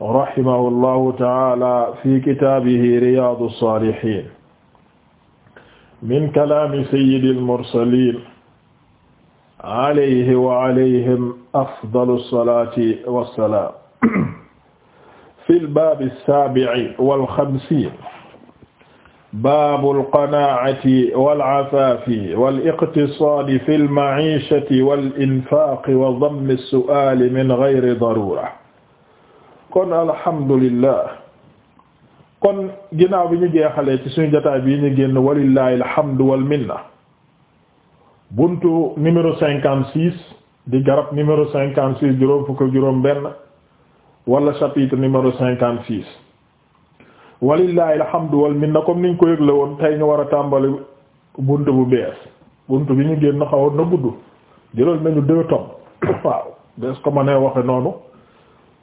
rahimahu llahu taala fi kitaabihi riyaadu saalihiin min kalaami sayyidil mursaliin alayhi wa alayhim afdalu salaati wa salaam fil baabi saabi'i wal xamsiin baabul qanaa'ati wal afaafi wal iqtisaadi fil ma'iishati wal infaaqi wa dammi su'aali min gayri daruura kon alhamdulillah kon ginnaaw bi ñu jeexalee ci suñu jotaay bi ñu génn walillahi alhamdu wal minna buntu numéro cinquante six di garab numéro cinquante six juróom fukk juróom benn wala chapitre numéro cinquante six walillahi alhamdu wal minna comme niñ ko yëgle woon tey ñu war a tàmbali buntu bu bees buntu bi ñu génn xawoon na gudd jëloon nañu deux tomes waaw bees ko ma waxe noonu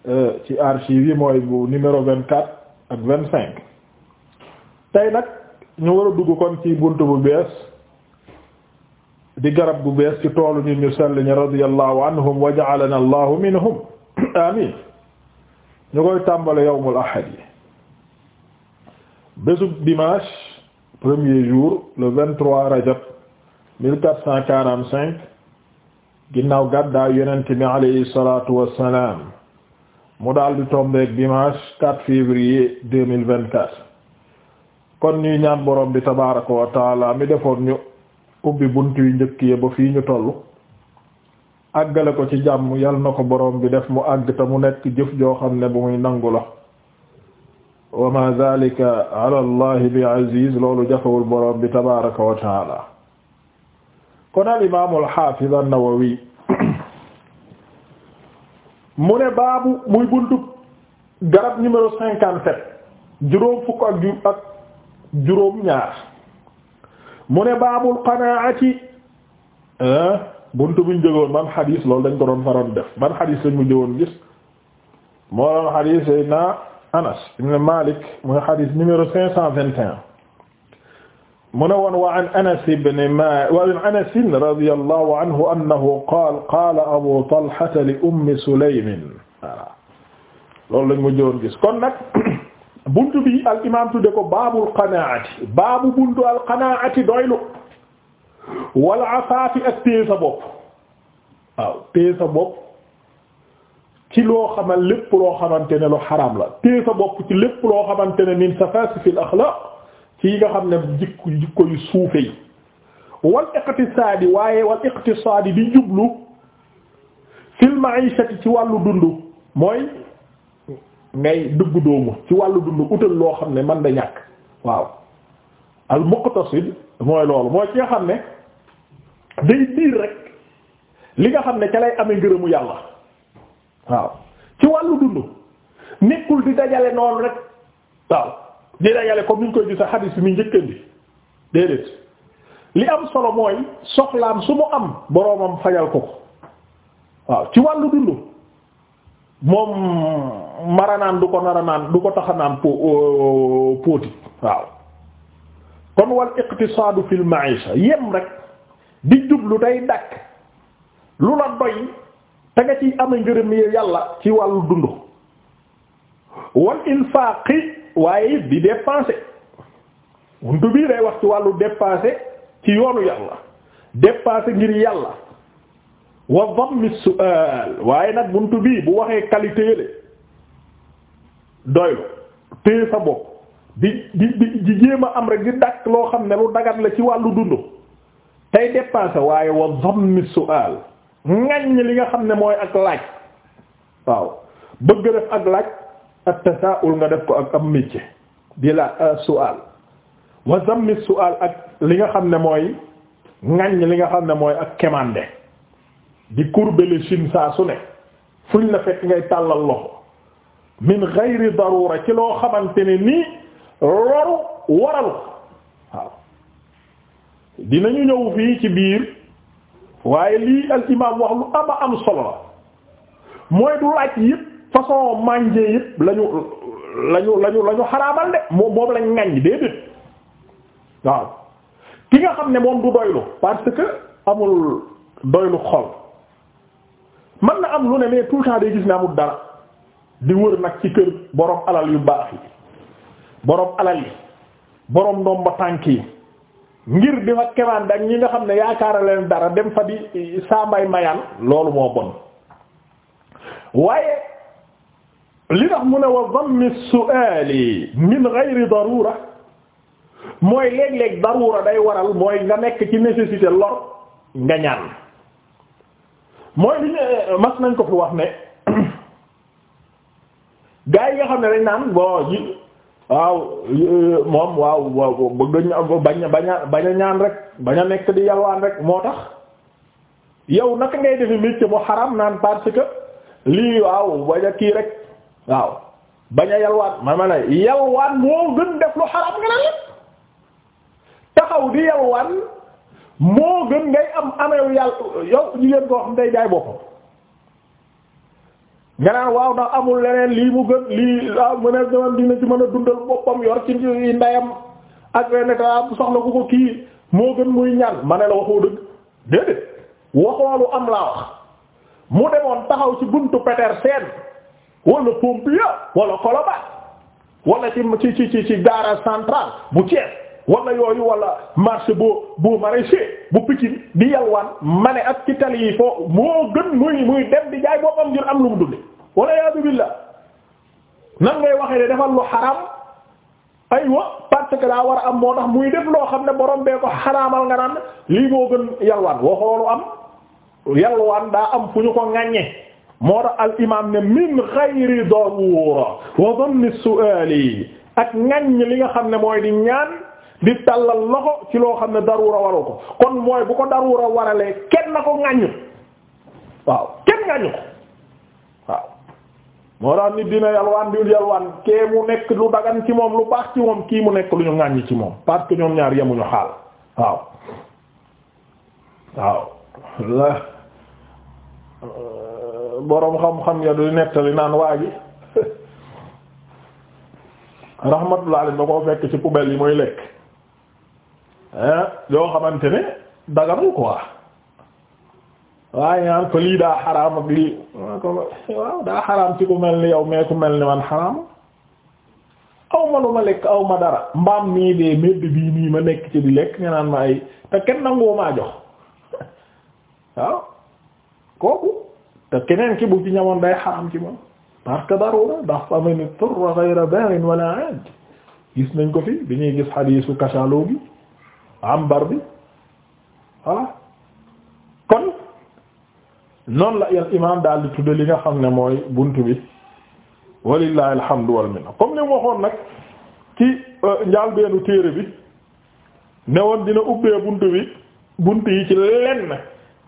Euh, ci archive yi mooy bu numéro vingt quatre ak vingt cinq tey nag ñu war a dugg kon ci bunt bu bees di garab bu bees ci toolu nit ñu sell ñi radiyallahu anhum wa ja'alana minhum amin ñu koy tàmbali yawmul ahad yi bésub dimanche premier jour le vingt-trois rajab mille gàddaay yonent bi alayhi salatu wassalam mu daal di tombeek dimanche 4 février 2024 kon ñuy ñaan borom bi tabaaraka wa taala mi defoon ñu ubbi bunt yu njëkk yi ba fi ñu tollu àggale ko ci jàmm yal na ko borom bi def mu àgg te mu nekk jëf joo xam ne bu muy nangu la wa ma dhalika ala bi aziz loolu jafewul borom bi tabaaraka wa taala kon al imaamul xaafiz nawawi mu ne baabu muy buntu garab numéro cinquante sept juróom fukk ak juróom ñaar mu ne baabul qanaati ah buntu buñ jógoon man xadis loolu dañ ko doon faroon def man xadis lañ mu jógoon gis moo doon xadis Seydina Anas ibn Malik muy xadis numéro cinq cent vingt et un mu ne woon wa an Anas ibn Maalik wa an Anas radiyallahu anhu annahu qaala qaala Abu Talha li Ummi Sulaym loolu lañ ma joon gis kon nag buntu bi al imaam tudde ko baabul qanaa'ati baabu buntu al qanaa'ati doylu wal afaafi ak téye sa bopp waaw téye sa bopp ci loo xamal lépp loo xamante ne lu xaraam la téye sa bopp ci lépp loo xamante ne min safaasifil axlaaq ci nga xam ne jikko jikko yu suufe yi wal iqtisaadi waaye wal iqtisaadi di jublu fil ma'ishati ci wàllu dund mooy ngay dugg doomu ci wàllu dundu utal loo xam ne man da ñàkk waaw al mooy loolu mooy ci nga xam ne day diir rek li nga xam ne ca lay amee ngërëmu yàlla waaw ci wàllu dund nekkul di dajale noonu rek waaw di dajale comme ni ñu koy gis xadis mu njëkkandi déedéet li am solo mooy soxlaam su mu am boroomam fajal ko ko waaw ci wàllu dund moom maranaan du ko naranaan du ko taxanaan po euh, póoti waaw kon wal iqtisaadu fil ma'isha yem rek di jublu day dakk lu la doy te nga ciy am njëriñ yàlla ci wàllu dund wal infaqi waaye it di dépenser buntu bii day wax ci wàllu dépenser ci yoonu yàlla dépenser ngir yàlla wa dammi su'al waaye nag buntu bii bu waxee qualité yële doylu téye sa bopp di di di jéem a am rek di dakk loo xam ne lu dagat la ci wàllu dund tey dépenser waaye wa su su'al ngañ li nga xam ne mooy ak laaj waaw bëgg def ak laaj at-tasaa'ul nga def ko ak am métier di la euh, su'aal wa zammi su'aal ak li nga xam ne mooy ŋaññ li nga xam ne mooy ak kemande di courber l'échine saa su ne fuñ la fekk ngay tàllal loxo min ghayri darura ci loo xamante ne nii loru waralu waaw dinañu ñëw fii ci biir waaye lii altimaam imaam wax lu ama am solo la mooy du laaj yépp façon mànje yëpp lañu lañu lañu lañu xaraamal de moom moom lañ ŋaññi déedéet waaw ki nga xam ne moom du doylu parce que amul doylu xol man na am lu ne mais tout le temps day gis ne amul dara di wër nag ci kër borom alal yu baax yi borom alal yi boroom borom ba tànk yi ngir di fa kemaan ak ñi nga xam ne yaakaara leen dara dem fa di eh, saa mbay mayaan loolu moo bon waaye li tax mu ne wa dammi su'aali min ghayri darura mooy léeg-léeg darura day waral mooy nga nekk ci nécessité lor nga ñaan mooy li mas nañ ko fi wax ne gaa yi nga xam ne dañ naan bo ji waaw moom waaw bëgg baña baña ñaan rek bañ a nekk di yalwaan rek moo tax yow naka ngay defi métier mu xaram naan parce que lii waaw baña kii rek waaw bañ a yalwaan ma ma moo gën def lu xaraam nga ne taxaw gën ngay am ameew yàlla yow jigéen koo xam day waaw ndax amul leneen lii mu gën lii waaw dina ci mën a dundal boppam yor ci ndeyam ak ko kii moo gën muy ma ne la waxoo dëgg déedéet waxoolu am laa wax mu demoon taxaw ci buntu Petersen wala Pompier wala Colobane wala ci ci ci ci garage bu Thiès wala yooyu wala marché boo boo maraîcher bu Pikine di yalwaan ma ne ak ci tali yi foo moo gën muy muy dem di jaay boppam ngir am lu mu dunde wala yaa billah nan ngay waxee ne defal lu xaram aywa parce que daa war a am moo tax muy def loo xam ne borom bee ko xaraamal nga naan lii moo gën yalwaan waxoolu am yalwaan daa am fu ñu ko ŋaññee. moo tax al imaam ne min ghayri daruura wa dammi su'aali ak ngañ li nga xam ne mooy di ñaan di tàllal loxo ci loo xam ne daruura waroo ko kon mooy bu ko daruura waralee kenn na ko ngañ waaw kenn ngañ ko waaw moo tax nit dina yalwaan di yalwaan kee mu nekk lu dagan ci moom lu baax ci moom kii mu nekk lu ñu ngañ ci moom parce que ñoom ñaar yemuñu xaal waaw waaw boroom xam-xam ya du nettali naan waa ji rahmatullah alayhi da koo fekk ci poubelle yi muy lekk yoo xamante ne daganul quoi waaye ñaan ko lii daa xaraam ak lii waaw daa xaraam ci ku mel ni yow mais ku mel ni man xaraam aw ma ma lekk aw ma dara mbaam mii dee medd bii nii ma nekk ci di lekk nga naan ma ay te kenn nanguwoo maa jox waaw kooku te keneen ki bu ci ñamoon day xaram ci moom parce que ndax faman turra ghayra barin wala aad gis nañ ko fi bi ñuy gis xadiisu kacaloo gi ambar bi kon noonu la al imam daal di tudde li nga xam ne mooy bunt bi walillahi alhamdu wal minna comme ni mu waxoon nag ci euh, njaalbeenu téere bi ne woon dina ubbee bunt bi bunt yi ci lenn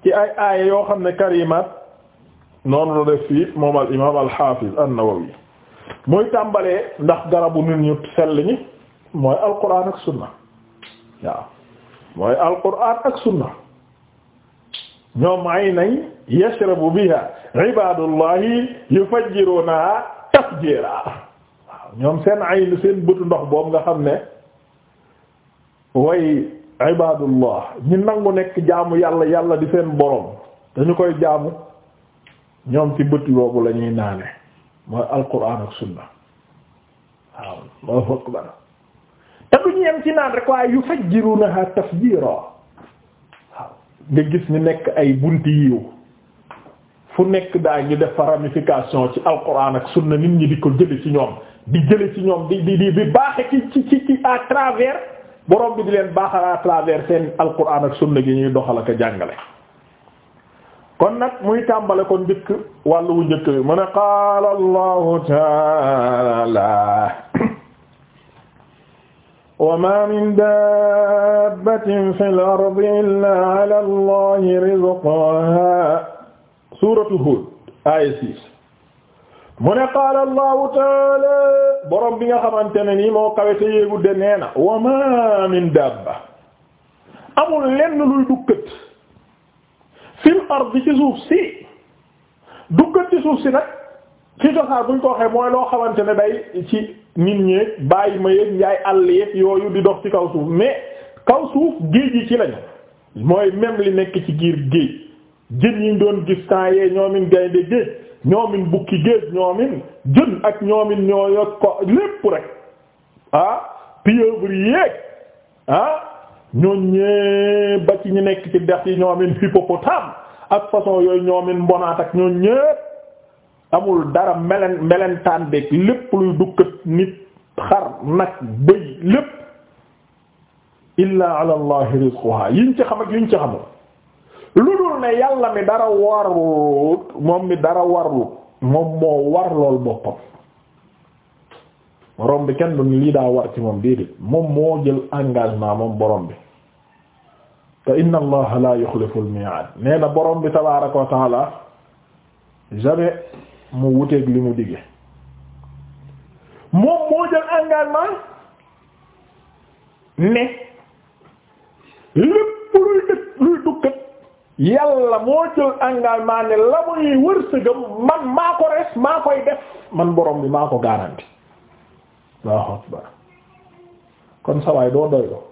ci ay aaya yoo xam ne karimaat noonu la def fii moom al imaam al xaafiz an-Nawawi muy tàmbalee ndax garabu nit ñu sell ñi mooy alquran ak sunna waaw mooy alquran ak sunna ñoom ay nañ biha ibadullahi yufajjirunaha tafjira waaw ñoom seen ayn seen bëtu ndox boobu nga xam ne way ibadullah ñi nangu nekk jaamu yàlla yàlla di seen borom dañu koy jaamu ñoom ci bëti boobu la ñuy naane mooy alquran ak sunna waaw ba akbar te duñ yem ci naan rek waaye yufajjirunaha tafjira waaw nga gis ni nekk ay bunti yiw fu nekk daa ñu def ramification ci alquran ak sunna nit ñi di ko jële ci ñoom di jële ci ñoom di di di di baaxe ci ci ci à travers borom bi di leen baaxal à travers seen alquran ak sunna gi ñuy doxal ak a jàngale kon nag muy tàmbale kon wàllu njëkk bi mu ne qaala allahu taala ma min dabbatin fil ardi illa ala allahi rizquha suratu hud aya six mu ne qaala allahu taala borom bi nga xamante ne ma min dabba amul lenn luy fil ardi ci suuf si duggal ci suuf si nag ci cosaan buñ ko waxee mooy loo xamante ne day ci nit ñeeg bàyyi ma yeeg njaay àll yeeg yooyu di dox ci kaw suuf mais kaw suuf géej yi ci lañu mooy même li nekk ci giir géej jën yi ñu doon gis temps yee ñoomin gaynde géej ñoomin bukki géej ñoomin jën ak ñoomin ñooyo ko lépp rek ah yéeg ah ñoo ñëpp ba ci ñu nekk ci dex yi ñoomin hippopotame ak façon yooyu ñoomin mbonaat ak ñoo ñëpp amul dara melen melentaan beeg lépp luy dukkat nit xar nag bëy lépp illaa ala allahi rizquha yiñ ci xam ak yiñ ci xamul lu dul ne yàlla mi dara warul moom mi dara warul moom moo war lool boppam borom bi kenn du lii daa war ci moom déedéet moom moo jël engagement moom borom bi te inna allaha la yuxlifu al-mi'aad nee na borom bi tabaaraka wa taala jamais mu wuteeg li mu dige moom moo jël engagement ne lépp luy dëkk luy dukkat yàlla moo jël engagement ne la muy wërsëgam man maa ko res maa koy def man borom bi maa ko garanti waaw akbar kon sawaay doo doy do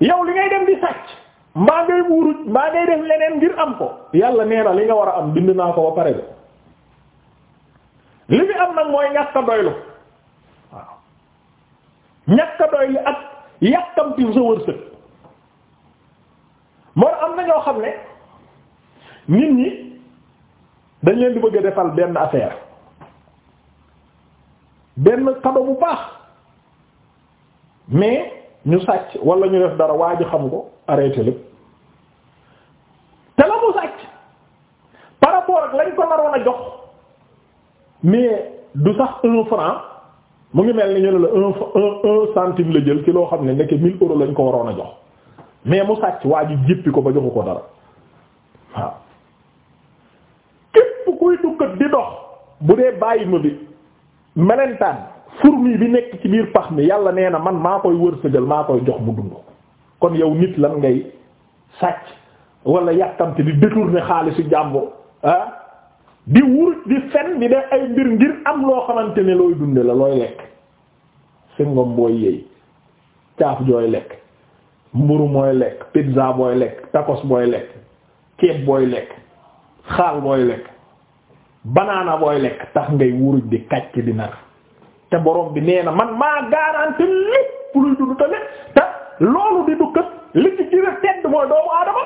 yow li ngay dem di sàcc mbaa ngay wuuruj mbaa ngay def leneen ngir am ko yàlla nee na li nga war a am bind naa ko ba pare bi li fi am nag mooy ñàkk a doylu waaw ñàkk a doylu ak yàkkamti sa wërsëg moo am na ñoo xam ne nit ñi dañ leen di bëgg a defal benn affaire benn kado bu baax mais ñu sàcc walla ñu def dara waa ji xam ko arrêté lépp te la mu sàcc par rapport ak lañ ko naroon a jox mais du sax un franc mu ngi mel ni ñu ne la un un centime la jël ci loo xam ne nekk 1000 euros lañ ko waroon a jox mais mu sàcc waa ji jéppi ko ba joxu ko dara képp kuy dugg di dox bu dee bàyyi ma bi melentaan fourmi bi nekk ci biir pax mi yàlla nee na man maa koy wërsëgal maa koy jox bu dund kon yow nit lan ngay sàcc wala yàkkamte di détourner xaalisu jàmbur ah di wuruj di fen di def ay mbir ngir am loo xamante ne looy dunde la looy lekk singom booy yëy caaf jooy lekk mburu mooy lekk pizza booy lekk tacos booy lekk ceeb booy lekk xaal booy lekk banaana booy lekk tax ngay wuruj di kàcc di nar te borom bi nee na man maa garanti lépp luy dund tamit te loolu di dukkat li ci mooy doomu aadama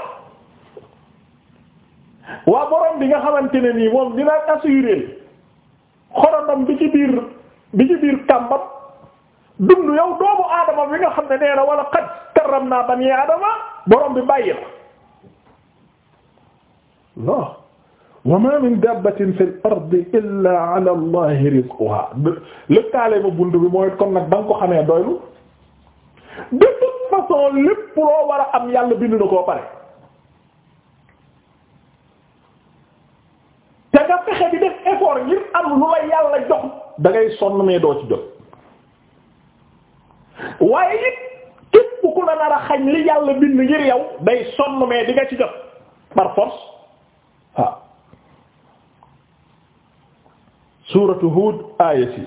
waa borom bi nga xamante ne nii moom dina assurer xorondom bi ci biir bi ci biir kàmbam dund yow doomu aadama bi nga xam ne nee na wala qad karramna bani aadama borom bi bàyyi la wa ma min dabbatin fil ardi illa ala allahi rizquha lëkkaale ma bunt bi mooy kon nag danga ko xamee doylu de toute façon lépp loo war a am yàlla bind na koo pare te nga fexe di def effort ngir am lu la yàlla jox da ngay doo ci jot waaye it képp ku la nar a xañ li yàlla bind ngir yow day sonn mais ci jot par force suuratu Huud aaya six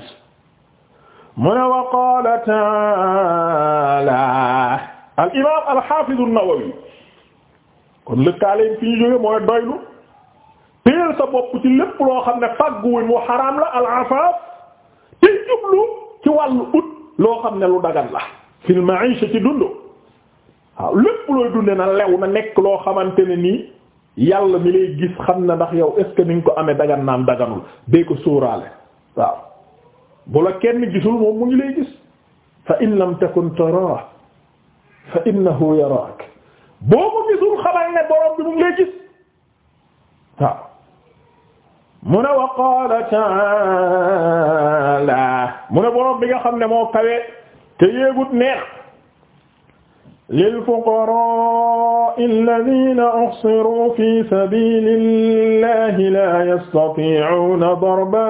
mu ne wa qaala ta'aala al imaam al haafiz an-Nawawi kon lëkkaaleen fi ñu jóge mooy doylu téel sa bopp ci lépp loo xam ne fagguwuñ mu xaraam la al afaaf te jublu ci wàllu ut loo xam ne lu dagan la fil ma'iisha ci dund waaw lépp looy dunde na lew nekk loo xamante ne nii yàlla mi lay gis xam na ndax yow est ce ko amee dagan naam daganul dee ko sóoraale bu la kenn gisul moom mu ngi lay gis fa in lam takun tara fa innahu yaraak boo ko gisul xamal ne borom bi mu ngi lay gis mu ne wa qaala ta'ala mu ne borom bi nga xam ne moo kawe te yéegut neex للفقراء الذين أحصروا في سبيل الله لا يستطيعون ضربا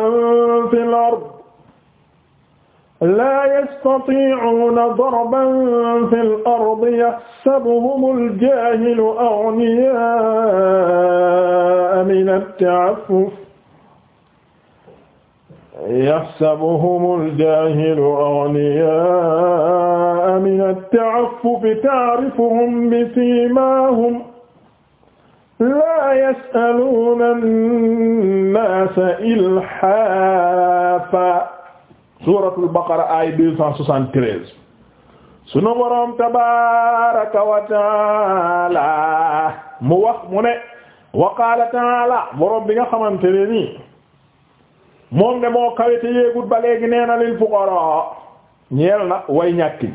في الأرض لا يستطيعون ضربا في الأرض يحسبهم الجاهل أغنياء من التعفف yaxsabuhumul jaahilu agniyaa'a minat ta'affufi ta'rifuhum bisiimaahum laa yas'aluuna an-naasa ilhaafaa. suuratul baqara aaya 273. sunu boroom tabaaraka wa ta'aala mu wax mu ne. wa qaala ta'aala boroom bi nga xamante ne nii. moom de moo kawete yéegut ba léegi nee na ñeel na way ñàkk ñi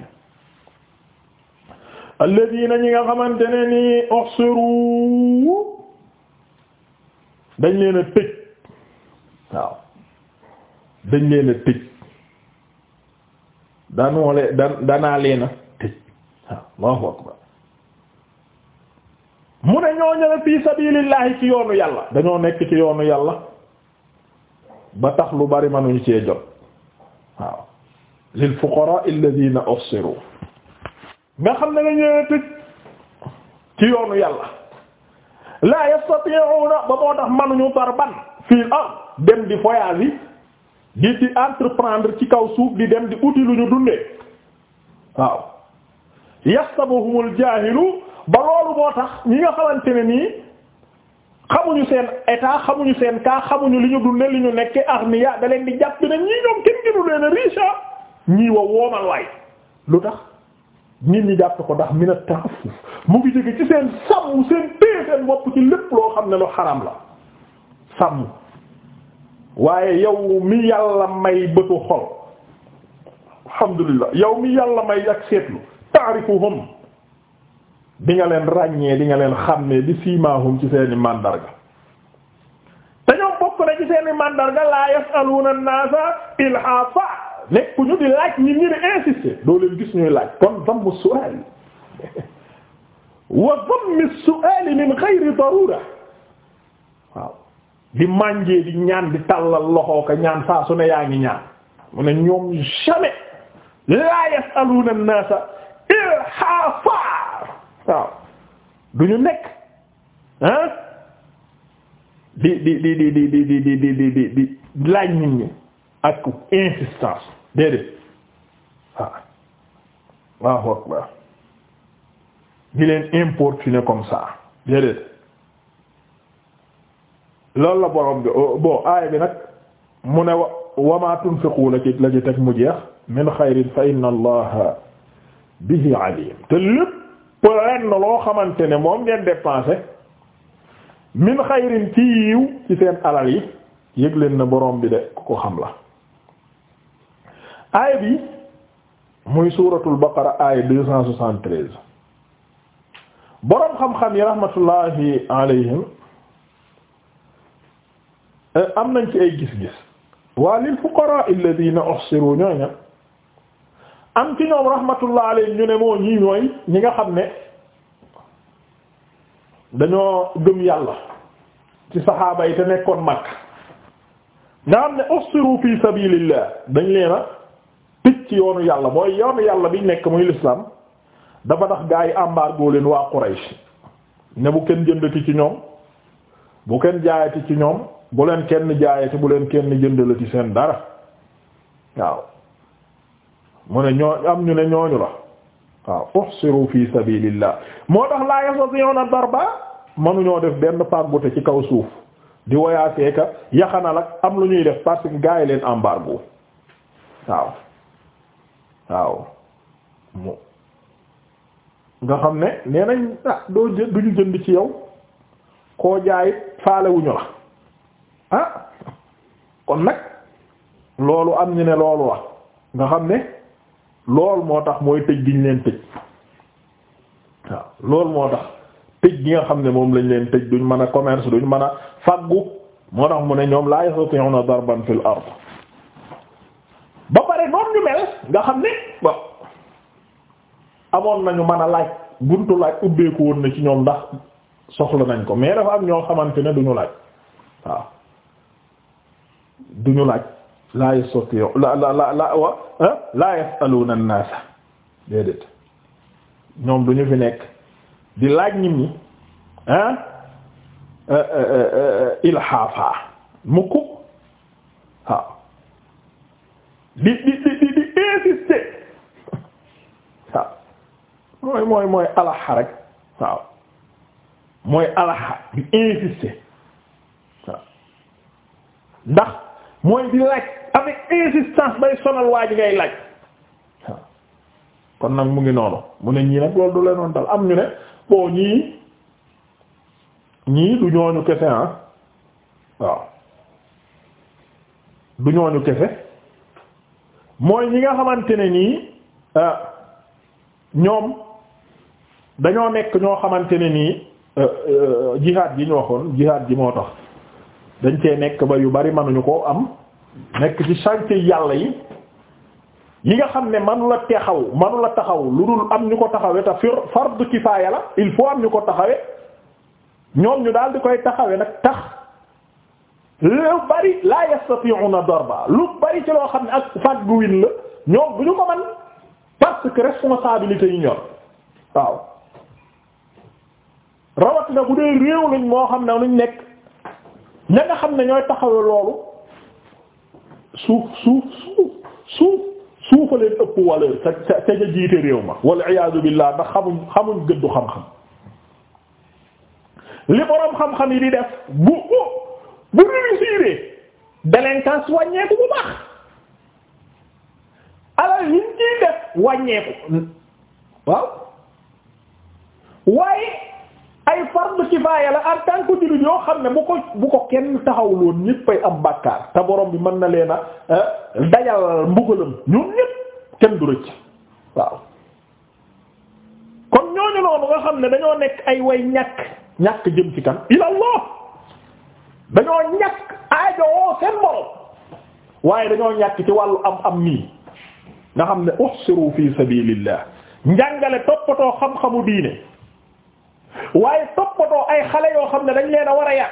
alladina ñi nga xamante ne ni uhsuru dañ leen a tëj waaw dañ leen tëj danoole da danaa tëj waaw mu ne ñoo ñëw fii ci yoonu yàlla dañoo nekk ci yoonu yàlla ba tax lu bari manuñ cee jot waaw lil fuqaraa alladhiina uhsiru nga xam ne dañu tëj ci yoonu yàlla la yastati'una ba moo tax manuñu darban fil ard dem di voyage yi di di entreprendre ci kaw suuf di dem di uti lu ñu dundee waaw yastabuhumul jaahilu ba loolu moo tax ñi nga xamante nii xamuñu seen état xamuñu seen cas xamuñu li ñu dundee li ñu nekkee armiya da leen di jàpp ne ñii ñoom kenn leen a riche ah. ñii wa woomal waay lu tax nit ñi jàpp ko ndax mina ta'affuf mu ngi jóge ci seen sàmm seen téye seen bopp ci lépp loo xam ne lu xaram la sàmm waaye yow mi yàlla may bëtu xol alhamdulillah yow mi yàlla may ak seetlu ta'rifuhum di nga leen ràññee di nga leen xàmmee di siimaahum ci seeni màndarga te ñoom bokk na ci seeni màndarga laa yasaluuna an-naasa ilhaafa di laaj ñi ñi di insister doo leen gis ñuy laaj kon dammu su'aal wa dammi su'aal min ghayri daruura waaw di mànjee di ñaan di tàllal loxo ko ñaan saa su ne yaa ngi ñaan mu ne ñoom jamais laa yasaluuna an-naasa waaw du ñu nekk ah di di di di di di di di di di di laaj nit ñi ak insistance déedéet waaw waaw waaw waaw di leen importuner comme ça déedéet loolu la borom bi bon aay bi nag mu ne wa ma tunfiqu la ci la ci teg mu jeex min xayrin fa inna allaha bihi alim te lépp na loo xamante ne moom ngeen dépensé min xayrin ci yiw ci seen alal yi yëg leen na boroom bi de ku ko xam la aaya bi muy suuratul baqara aaya deux cent boroom xam-xam yi rahmatullahi alayhim eh, am nañ ci ay gis-gis waa lil fuqaraa alladhina uhsiru ñooña am ci ñoom rahmatullah alayhi ñu ne moo ñii ñooy ñi nga xam ne dañoo gëm yàlla ci saxaaba yi te nekkoon mag nga xam ne usiru fi dañ leena tëj ci yoonu yàlla mooy yoonu yàlla bi nekk muy l'islam dafa tax gaa yi embargo leen waa Quraysh ne bu kenn jëndati ci ñoom bu kenn jaayati ci ñoom bu leen kenn jaayati bu leen kenn jëndalati seen dara waaw mu ne ñoo am ñu ne ñooñu la waaw uhsiru fi sabilillah moo tax laa a yastati'una darba mënuñoo def benn pàggute ci kaw suuf di woyaaseeka yaxana ak am lu ñuy def parce que gaa yi leen embargo waaw waaw mu nga xam ne nee nañ ah doo jë duñu jënd ci yow koo jaay faalewuñu la ah kon nag loolu am ñu ne loolu la nga xam ne lool moo tax mooy tëj gi ñu leen tëj waaw loolu moo tax tëj gi nga xam ne moom lañ leen tëj duñ mën a commerce duñ mën a faggu moo tax mu ne ñoom laa dara darban fil ard ba pare noonu ñu mel nga xam ne ba amoon nañu mën a laaj buntu laaj ubbeeku woon na ci ñoom ndax soxla nañ ko mais dafa am ñoo xamante ne duñu laaj waaw duñu laaj laa yastati'u la la la la wa laa yas'aluna an-nas déedéet ñoom du ñu fi nekk di laaj nit ñi euh, euh, euh, ilhaafa mukk waaw di di di di insister mooy mooy mooy alaxa waaw mooy alaxa di insister ndax mooy di laaj avec insistance bay sonal waa ji ngay laaj kon nag mu ngi noonu mu ne ñii nag loolu du lenoon dal am ñu ne bon ñii ñii du ñooñu kese ah waaw du ñooñu kese mooy ñi nga xamante ne nii ah, ñoom dañoo nekk ñoo xamante ne nii ah, ah, jihaad ji ñu waxoon jihaad ji moo tax dañ cee nekk ba yu bari mënuñu koo am nekk ci chantier yàlla yi yi nga xam ne manula taxaw la taxaw lu dul am ñu ko taxawe te fir fardu kifaaya la il faut am ñu ko taxawe ñoom ñu daal di koy taxawe nag tax lu bari la yastati'una darba lu bari ci loo xam ne ak fag gu win la ñoom bu ko man parce que responsabilité yi ñor waaw rawatina bu dee réew lañ moo xam ne luñ nekk ña nga xam ne ñooy taxawee loolu suuf suuf suuf suuf suufa leen ëpp valeur ca ca ca jiite réew ma wal iyaadu billaah ndax xamuñ xamuñ gëddu xam-xam li borom xam-xam yi di def bu bu bu réussir délinquance wàññeeku bu baax alal yi ñu def wàññeeku waaw waaye. ay fardu kifaaya la en tant que yoo xam ne bu ko bu ko kenn taxawloon ñéppay am bàkkaar te borom bi mën na leen a eh, dajal mbugalam ñun ñépp kenn du rëcc waaw kon ñooñu noonu nga xam ne dañoo nekk ay way ñàkk ñàkk jëm ci kan ilallah dañoo ñàkk aajowoo seen borom waaye dañoo ñàkk ci wàllu am am nii nga xam ne uhsiru fi sabilillah njàngale toppatoo xam-xamu diine waaye toppatoo ay xale yoo xam ne dañ leen a war a yar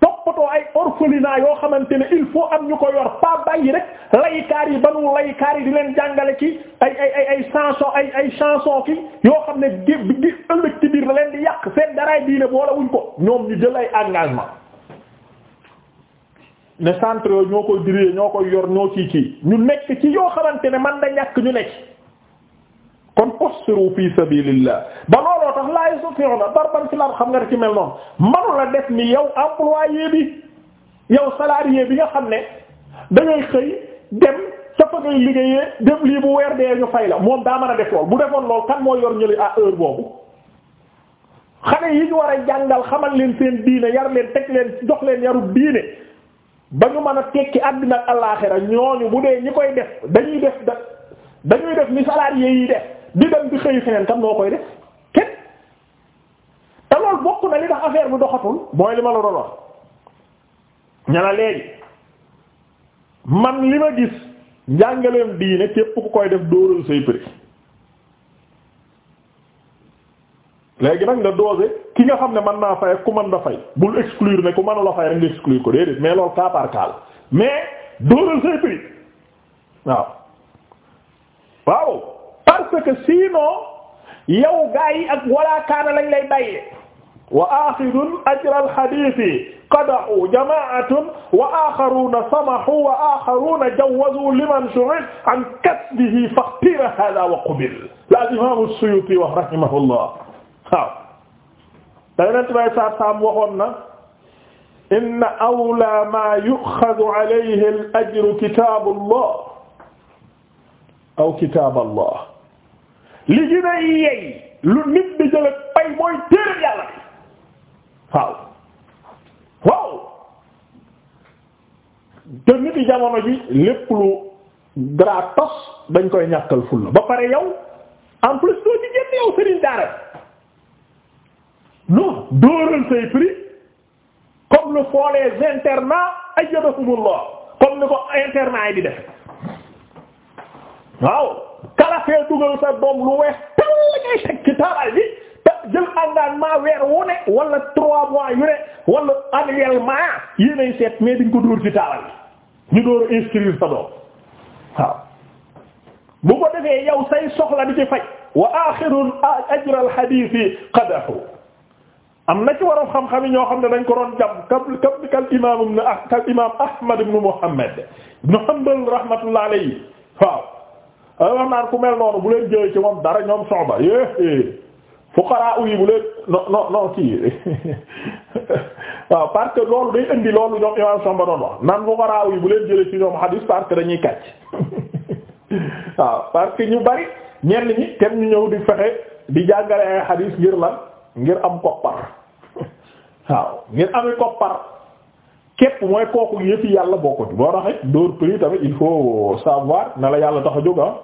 toppatoo ay orphelinat yoo xamante ne il faut am ñu ko yor pas bàyyi rek laykaar yi banu laykaar yi di leen jàngale ci ay ay ay ay ay ay chanson ki yoo xam ne gi gi ëllëg ci biir la leen di yàq seen daraay diine boole wuñ ko ñoom ñu jël ay engagement ne centre yooyu ñoo koy diré ñoo koy yor ñoo ci ci ñu nekk ci yoo xamante ne man da ñàkk ñu nekk kon posteru fi sabilillah yuti'una darban fil ard xam nga ci mel noonu manu la def ni yow employé bi yow salarié bi nga xam ne da ngay xëy dem ca fa ngay liggéeyee def lii bu weer dee ñu fay la moom daa man a def lool bu defoon lool kan moo yor ñëli a heure boobu xale yi ñu war a jàngal xamal leen seen diine yar leen teg leen jox leen yarub diine ba ñu mën a tekki àddina ak àllaaxira ñooñu bu dee ñi koy def dañuy def da dañuy def ni salarié yi de di dem di xëy feneen tam noo koy def loolu bokk na li tax affaire bi doxatul mooy li ma la doon wax la léegi man li ma gis njàngaleem diine képp ku koy def dóoral say prix léegi nag nga doose ki nga xam ne mën naa fay ku mën da fay bul exclure ne ku mën la fay rek nga exclure ko déedéet mais loolu cas par cas la mais dóoral say prix waaw waaw parce que sinon yow gaa yi ak lañ lay bàyyee wa axidun ajral xadiisi qada'u jamaa'atun wa axaruuna samahu wa axaruuna jawwazu liman su'ida an kasbihi faxtira haaza wa qubila la imaamu Suyuuti wax rahimahullah waaw daynent bay saat saam waxoon na inna awlaa maa yu'xazu alayhi al-ajru kitaabullah aw kitaaballah li gën a yey lu nit di jël pay mooy téere Yàlla waaw waaw te nit yi jamono ji lépp lu gratos dañ koy ñàkkal fulla ba pare yow en plus doo ci génn yow sëriñ daara non dóoral say prix comme le font les internats ayyadahumullah comme ni ko internat yi di def waaw kalafee dugal sa doom lu weex tal la teg ci taabal bi jël engagement weer wu ne wala trois mois yu ne wala annuellement yéenay seet mais diñ ko dóor ci taalal ñu door a sa doom bu ko defee yow say soxla di ci faj wa axiru ajr al hadith am na ci waroon xam-xam yi ñoo xam ne dañ ko doon jàpp kab kal imam ah kal imam ahmad ibn muhammad ibn hanbal rahmatullah alayhi waaw wax naan ku mel noonu bu leen jëlee ci moom dara ñoom soxba eh, eh. fuqaraa yi bu leen non non non kii waaw parce que loolu day indi loolu ñoom imam Samba nan fuqaraa yi bu leen jëlee ci ñoom hadis parce que dañuy kàcc waaw parce ñu bari ñenn ñi tem ñu ñëw di fexe di jàngale ay hadis ngir lan ngir am koppar waaw ngir ami koppar képp mooy kooku yëfi yàlla bokkut boo taxit dóor prix tamit il faut savoir na la yàlla tax a jóg ah.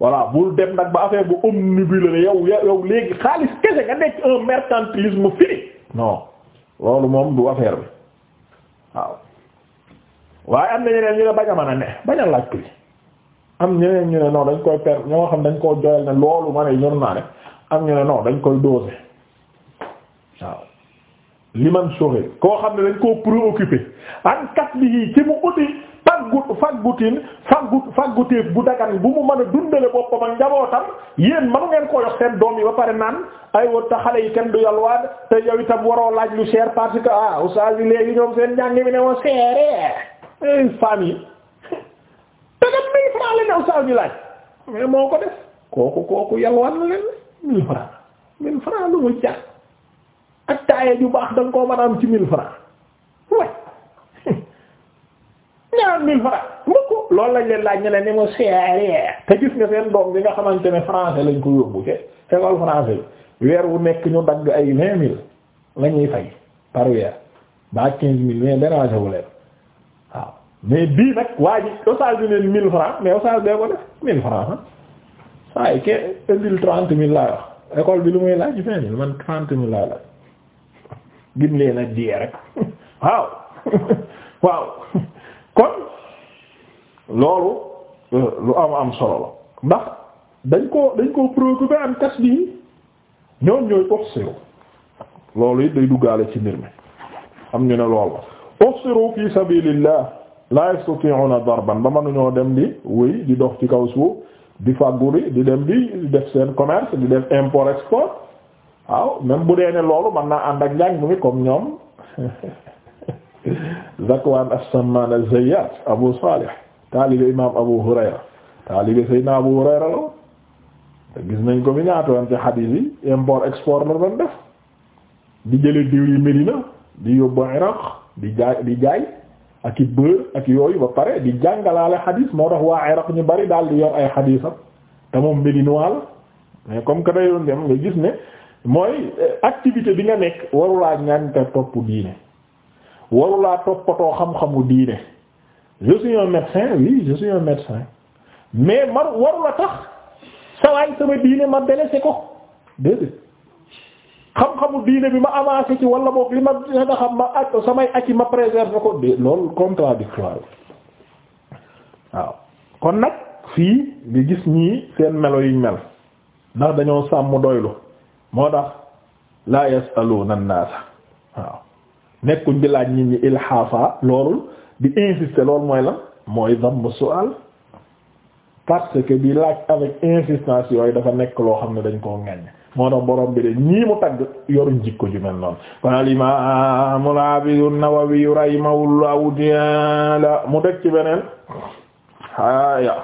voilà bul dem nag ba affaire bu omnibulé yow yow léegi xaalis kese nga nekk un mercantilisme fini non loolu moom du affaire bi waaw waaye am na ñeneen ñu ne bañ a mën a ne bañ a laaj prix am ñeneen ñu ne non dañ koy per ñoo xam dañ koo joyal ne loolu ma ne ñor naa ñu ne non dañ koy doser waaw li man soxee koo xam ne dañ koo préoccupé an kat bi ci mu uti faggu faggutin faggu fagguteef bu dagan bu mu mën a dundale boppam ak njabootam yéen manu ngeen yi ba pare naan aywa te xale yi kenn du yalwaan te yow itam waroo laaj lu cher parce que ah oustaz eh, yi yi te dem mille francs la ne oustaz ñu mille francs lu mu jar ak taaya ju baax da koo mën a am ci mille francs cinquante mille francs mukk loolu lañ leen laaj ñu ne ni mu seeree te gis nga seen doom bi nga xamante ne français lañ ko yóbbu ci école français bi weer wu nekk ñu dagg ay vingt mille la ñuy fay par weer ba quinze mille mais déranger wu leen waaw mais bii nag waa ji otage bi neen mille francs mais otage bee ko def mille ah. trente mille laa wax école bi lu muy laaj vingt mille man trente mille laa laaj gin leen a diyee rek waaw waaw kon loolu euh, lu am am solo la ndax dañ ko dañ koo préoccupé am kas bii ñoom ñooy oxsiro loolu it day duggaale ci mbir mi am ñu ne loolu la oxsiro fi sabilillah la yastati'una darban ba mënuñoo dem di wéy di dox ci kaw suuf di fàgguri di dem di def seen commerce di def import export waaw même bu dee ne loolu man naa ànd ak njàng mi comme ñoom Zakwaan as-Sammaan az-Zayyaat Abu Saalih taalibe imaam Abu Hurayra taalibe Seydina Abu Hurayra la te gis nañ ko fi ñaata woon ci yi import export la doon def di jële diw yi Medina di yóbbu Iraq di jaay ak i bër ak yooyu ba pare di jàngalaale xadiis moo tax waa Iraq ñu bari daal di yor ay xadiisam te moom Medinois mais comme que day doon dem nga gis ne mooy euh, activité bi nga nekk warulaa ñaan te topp diine warulaa toppatoo xam-xamu diine je suis un médecin oui je suis un mais man warula tax sawaay sama diine ma délaissé ko déedéet xam-xamu diine bi ma avancé ci wala boog li ma nga xam ma ak samay acci ma préserver ko de loolu contradictoire waaw kon nag fii nga gis ñii seen melo yiñ mel ndax dañoo sàmm doylu moo tax la yasaluuna an-naas waaw nekkuñ di laaj nit ñi ilhaafa loolu di insister loolu mooy la mooy damm su'al parce que di laaj avec insistance yooyu dafa nekk loo xam ne dañ koo ŋaññ moo tax borom bi de ñii mu tagg yoruñ jikko ju mel noonu kon al imaam al hafiz an-Nawawi rahimahullahu mu teg ci beneen aya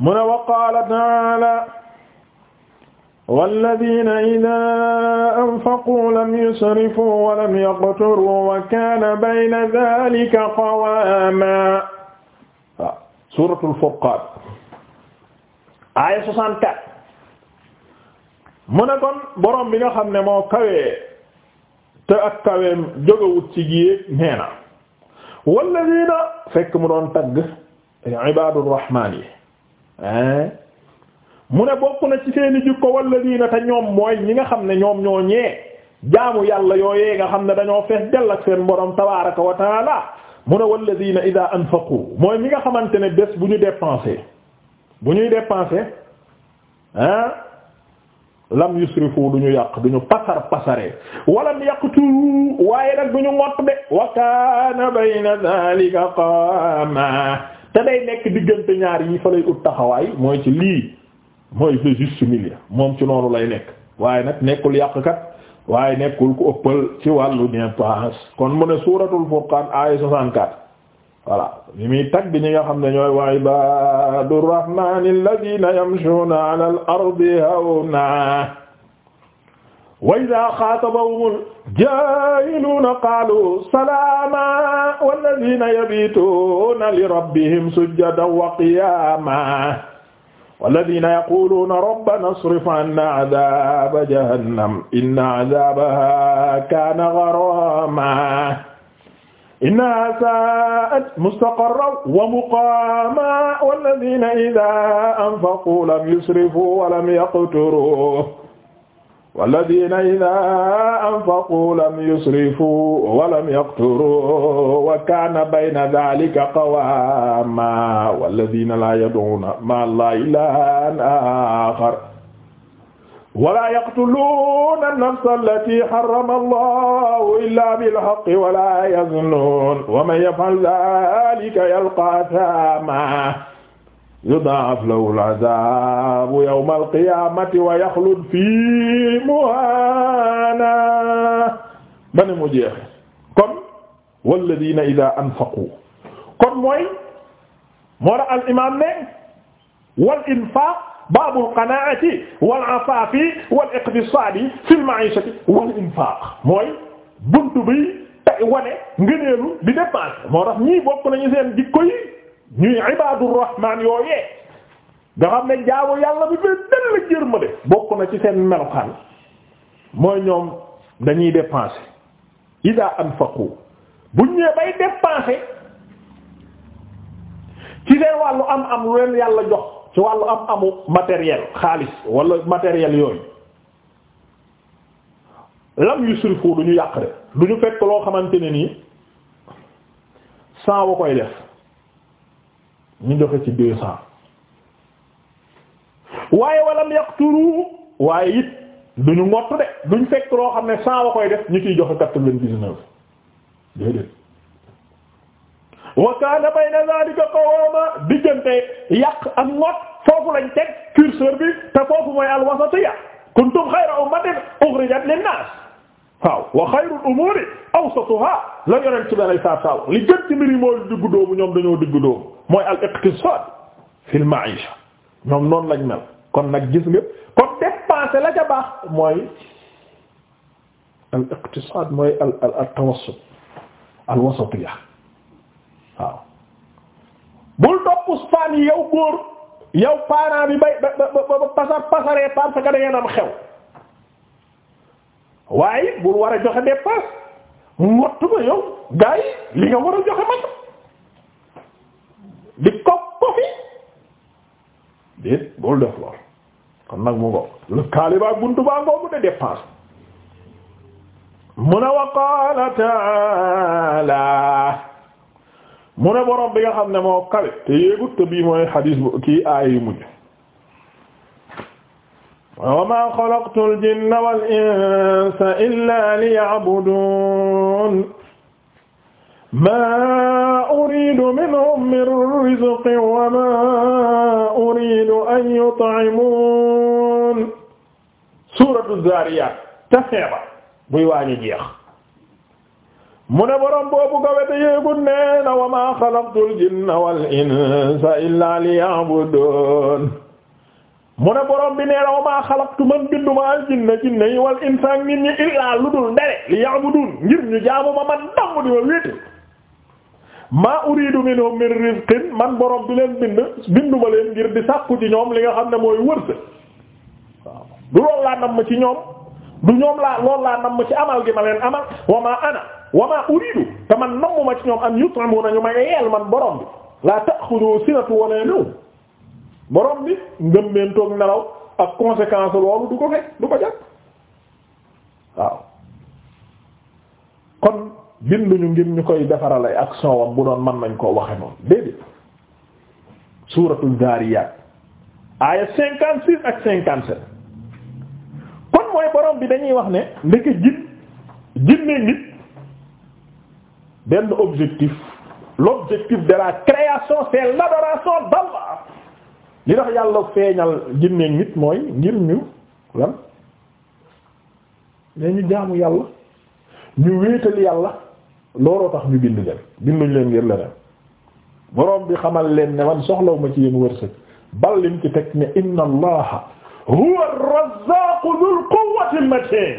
mu ne wa ta'ala walladiina izaa anfaquu lam yusrifuu wa lam yaqturuu wa kaana bayna zaalika qawaamaa. waaw suuratul Furqaan aaya 64 mu ne kon borom bi nga xam ne moo kawe te ak kaweem jógewut ci gii nee na walladiina fekk mu doon tagg ibaadu rahmaan yi. mu ne bokk na ci seeni jikko walladiina te ñoom mooy ñi nga xam ne ñoom ñoo ñee jaamu yàlla yooyee nga xam ne dañoo fees dell ak seen borom tabaaraka wa taala mu ne walladiina idaa anfaqu mooy ñi nga xamante ne bés bu ñu dépensé bu ñuy dépensé ah lam yusrifu du ñu yàq du ñu pasar pasaree walam yaqtu waaye nag du ñu ngott de wa kaana bayna dhalika qaama te day nekk diggante ñaar yi fa lay ut taxawaay mooy ci lii mooy le juste milieu moom ci noonu lay nekk waaye nag nekkul yàqkat waaye nekkul ku ëppal ci wàllu dépense kon mu ne suuratul furqaan aaya 64 voilà li muy tag bi ñi nga xam ne ñooy wa ibaadu rahmaani alladina yamshuuna ala al ardi hawna wa idaa xaatabahumul jaahiluuna qaalu salaama walladina yabiituuna li rabbihim sujjadan wa qiyaama walladina yaquluuna rabbana asrif anna adaba jahannam inna adabaha kaana gharama innaha sa'at mustaqarra wa muqama walladina idha anfaqu lam yusrifu wa lam yaqturu walladina ida anfaqu lam yusrifu walam yaqturu wa kana bayna dhalika qawama walladina la yad'una ma la ilahan akhar wala yaqtuluna an-nafsa allati harrama allahu illa bilhaqqi wala yaznun wa man yaf'al dhalika yalqa athama yudaaf lahu al-azaabu yawma al-qiyaamati wa yaxlud fii muhaana ba ne mu jeex kon walladiina idaa anfaqu kon mooy moo al imaam ne wal infaaq baabul qanaa'ati wal afaafi wal iqtisaadi fil ma'iishati wal infaaq mooy buntu bi wane ngëneelu di dépenser moo tax ñii bokk nañu seen jikko yi ñuy ibaadu rahmaan yooyee nga ne jaamu yàlla bi ba dell jër ma de bokk na ci seen melokaan mooy ñoom dañuy dépenser ida anfaqu buñ ñëwee bay dépenser ci seen wàllu am am lu leen yàlla jox ci wàllu am amu matériel xaalis walla matériel yooyu yu yusrifu du ñu yàq de du ñu fekk loo xamante ne nii sans wa koy def ñu joxe ci deux cents waaye walam yaqturu waaye it duñu ngott de duñ fekk loo xam ne cent wa koy def ñu ciy joxe quatre-vingt-dix-neuf déedéet wa kaana bayna zalika qawama yàq ak ngott foofu lañ teg curseur bi te foofu mooy al wasatiya kuntum xayra ummatin ukhrijat lin nas waaw wa xayrul umuri awsatuha la yonent bi alay saa saa li gën ci mbir yi diggu doomu ñoom dañoo diggu doomu mooy al iqtisad fil ma'isha ñoom noonu lañ mel kon nag gis nga kon dépenser la ca baax mooy al iqtisad mooy al al al tawassut al wasatiya waaw bul bi bay ba ba pasar pasaree parce que da xew waaye bul war a joxe dépense mott ba yow gaa li nga war a joxe man di ko ko bul def lool kon nag mu ngo lu kaalibaa buntu baa ngoomu de dépense mu ne wa qaala ta'ala mu ne borom bi nga xam ne moo kawe te yéegut te bii mooy xadiis bu kii aaya yu wa maa xalaqtul jinna wal insa illaa liya'buduun maa uriidu minhum min rizqin wa maa uriidu an yut'imuun. suuratu zaariyaat taseeba buy waaj a jeex. mu ne borom boobu gawe te yeegul nee na wa maa xalaqtul jinna wal insa illaa liya'buduun mu ne bi nee na wa maa xalaqtu man binduma al jinna jinne yi wal insaan nit ñi illaa lu dul ndere li ya'budun ngir ñu jaamu ma man dong di ma wéete maa uridu minhum min rizqin man borom bi leen bind binduma leen ngir di sàkku ci ñoom li nga xam ne mooy wërsëg waaw du loolu laa nam ma ci ñoom du ñoom laa loolu laa nam ma ci amal gi ma leen amal wa ana wa maa te man namuma ci ñoom an yut'imuna ñu ma yeel man borom bi laa ta'khudhu borom bi ngëm meen toog nelaw ak conséquence loolu du ko fekk du ko jàpp waaw kon binduñu ngir ñu koy defaral ak soowam wam bu doon mën nañ koo waxe noonu déedéet suuratul Zaariyaat aaya cinquante six ak cinquante sept kon mooy borom bi dañuy wax ne ndeke jin jinne nit benn objectif l'objectif de la création c'est l'adoration d'Allah li tax yàlla feeñal jinne nit mooy ngir ñu lan ne ñu jaamu yàlla ñu wéetal yàlla looloo tax ñu bind leen binduñ leen ngir leneen boroom bi xamal leen ne man soxlaw ma ci yéen wërsëg bal ci teg ne inna allaha huwa ar-razzaqu dhul quwwati al-matin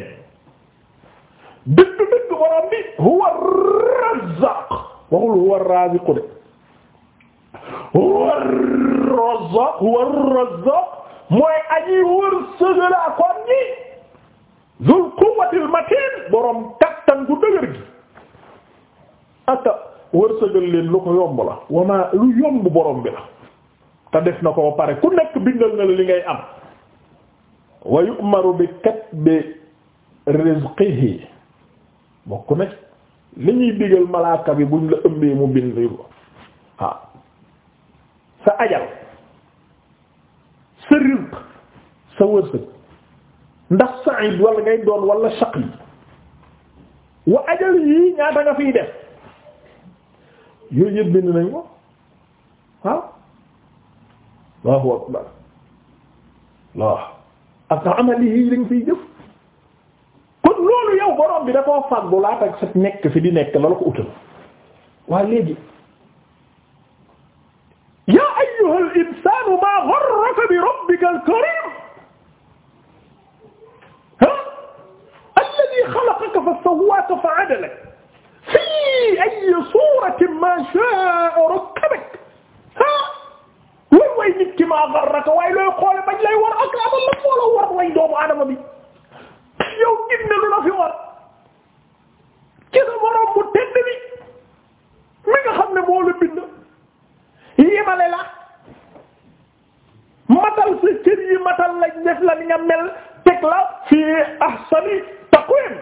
dëgg bi huwa ar waxul huwa ar-raziqu de ar-Razzaq huwa ar mooy aji wër sëgale akoon ñi quwwatil matin borom kattan gu dëgër gi aka wër sëgal leen lu ko yomb la wama lu yomb borom bi la te def na ko ba pare ku nekk bindal na la li ngay am wa yu'maru bi katbi rizqihi bokk na li ñuy digal malaaka bi buñ la ëmbee mu bind waaw sa ajal sa rizq sa wërsëg ndax sa'id wala ngay doon wala shaqi wa ajal yii ñaata nga fiy def yooyu yëpp bind nañ ko waaw Allahu akbar waaw ak amal yii lañ fiy jëf kon loolu yow borom bi da koo fàggu laata ak nekk fi di nekk la la ko utal waa léegi shaytaanu maa gharraka bi rabbikal kariim alladhii khalaqaka fa sawwaaka fa 'adalaka fii ayyi suuratin maa shaa'a rakkabaka way way nit ki maa gharraka waaye looy xoole bañ lay war ak abal la moo la war way doomu aadama bi yow gis na lu la fi war ci sa borom bu tedd bi mi nga xam ne moo la bind yemale la matal sa cër yi matal la def la ni nga mel teg la fi ahsani taqwim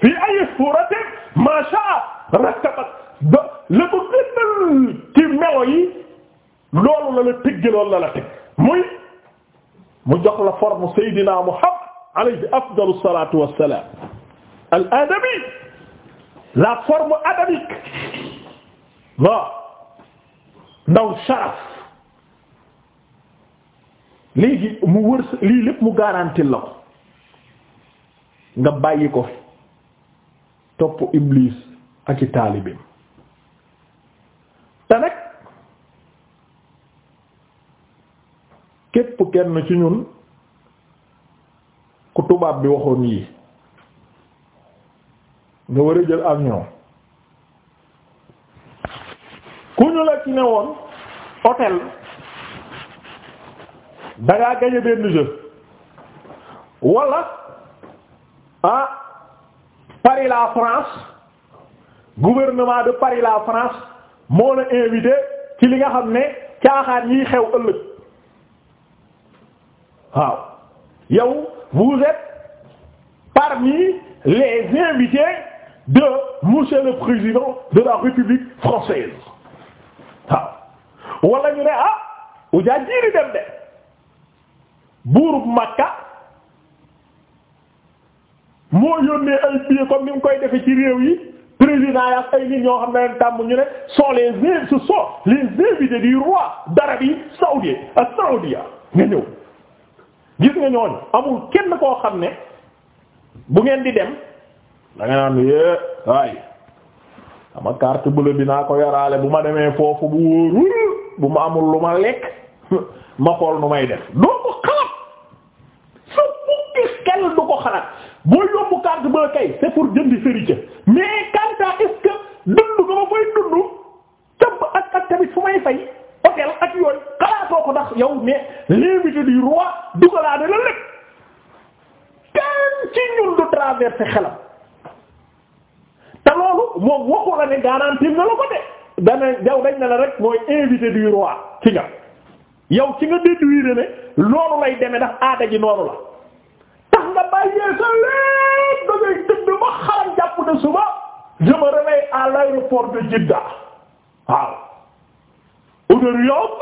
fi ay suratin ma sha'a rakkabat ba la ko gënal ci melo yi loolu la la tëgg loolu la la tëgg muy mu jox la forme Seydina Muhammad alayhi afdalu salatu wassalam al adami la forme adamique waaw ndaw sharaf léegi mu wër lii lépp mu garantil la ko nga bàyyi ko fi topp iblis ak i taalibim te nag képp kenn ci ñun ku tubaab bi waxoon yii nga war a jël avion ku ñu la ci ne woon hôtel da ngaa gañe benn wala ah Paris la France gouvernement de Paris la France moo la invité ci li nga xam ne caaxaan yiy xew ëllëg waaw yow vous êtes parmi les invités de monsieur le président de la République française waaw wala ñu ne ah u jaa jiiri buurub Makka moo yónnee ay billets comme ni mu koy defe ci réew yi président yi ay nit ñoo xam ne leen tàmm ñu ne sont les ce sont les invités du roi d'Arabie ak saoudia nga ñëw gis nga ñooñu amul kenn koo xam ne bu ngeen di dem da nga naan yee waaye sama carte bleue bi naa ko yaraale bu ma demee foofu bu wóorul bu ma amul lu ma lekk ma xool nu may def xalaat boo yóbbu carte ba kay c'est pour jëndi sëriñ mais carte est-ce dund ko ba koy dund tëbb ak ak tamit may fay hôtel ak yooyu xalaatoo ko ndax yow mais l'invité du roi dugalaate la lépp kenn ci ñun du traverser xelam te loolu moom waxu la ne garantie na la ko de dana jaw dañ na la rek mooy invité du roi ci nga yow ci nga déduire ne loolu lay demee ndax aada ji noonu la tax nga bàyyee sa lépp da ngay tëdd ba xaram jàpp ne suba je me réveille à l'aéroport de Jeddah waaw ou de Riyad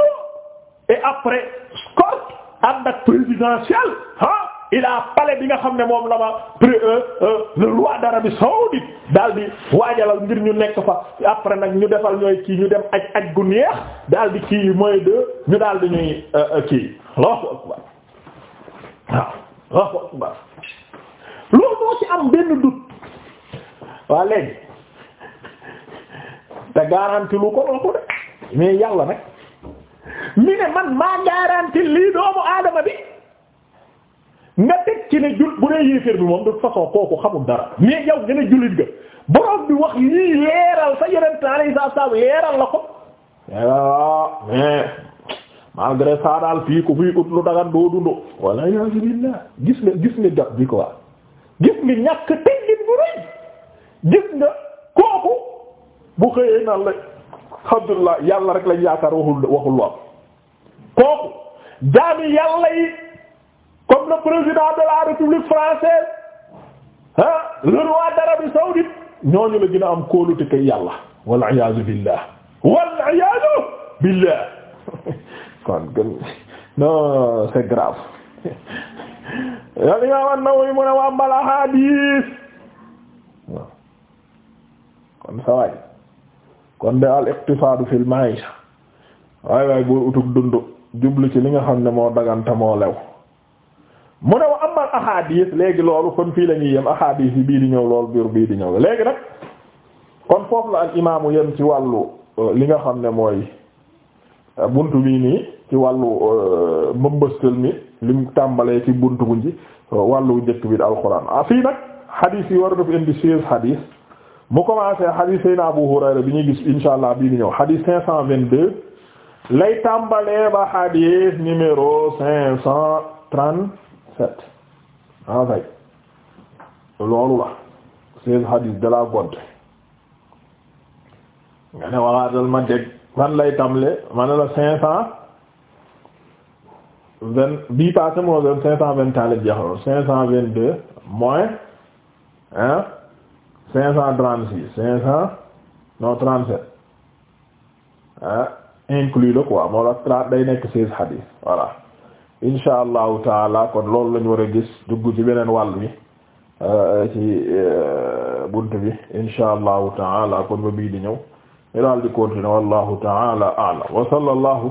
et après escorte ànd ak présidentielle ah ila palais bi nga xam ne moom la ma pré euh, euh, le roi d'Arabie saoudite daal di waajalal ngir ñu nekk fa après nag ñu defal ñooy kii ñu dem aj aj gu neex daal di kii mooy de ñu daal di ñuy euh, kii Allahu loolu moo ci am benn dut waa léegi te garanti ko loolu de mais yàlla nag mi ne man maa garanti lii doomu aadama bi nga teg ci ne jul bu dee yéeféer bi moom de façon kooku xamul dara mais yow gën a jullit ga borom bi wax yii leeral sa yonent alayhi salaam leeral la ko ah, mais malgré ça daal fii ku fiy ut lu dagan doo dundu walla yaasu billah gis nga gis nga bi quoi gis ñàkk teggin bu rëy gis nga kooku bu xëyee naan la alhamdulillah yàlla rek lañ yaakaar waxul waxul kooku jaami yàlla yi comme le président de la république française ah, le roi d'Arabie saoudite ñooñu la gën a am kóolute kay yàlla wal iyaazu billah Affan kon sawaay kon de waaye waaye boo utug dund jublu ci li nga xam ne moo daganta moo lew mu ne wa amal ahadis léegi loolu kon fii la yem ahadis yi bii di ñëw loolu biir bii di ñëw léegi nag kon foofu la al imaamu yem ci wàllu euh, li nga xam ne mooy euh, buntu bii nii ci wàllu euh, mbëmbëstal mi lim tàmbalee ci buntu bu nji wàllu njëkk bi alquran ah fii nag hadith yi war daf indi seize hadith mu commencé hadith sayna Abu Hurayra bi ñuy gis insha allah bii di ñëw hadith cinq cent lay tàmbalee ba hadith numéro cinq cent trente-sept ah, la seize gonte nga ne walaa dal ma dégg man lay tàmbalee man la cinq vingt bii passé moo cinq cent vingt la jeexaloon cinq cent vingt deux moins hein cinq cent trente six cinq cent non trente sept ah inclus le quoi moo la day nekk seize hadith voilà insha allahu taala kon loolu lañu war a gis dugg ci beneen wàll bi euh, ci euh, bunt bi insha allahu taala kon ba bii di ñëw ñu daal di continuer wallahu taala a'lam wa sallallahu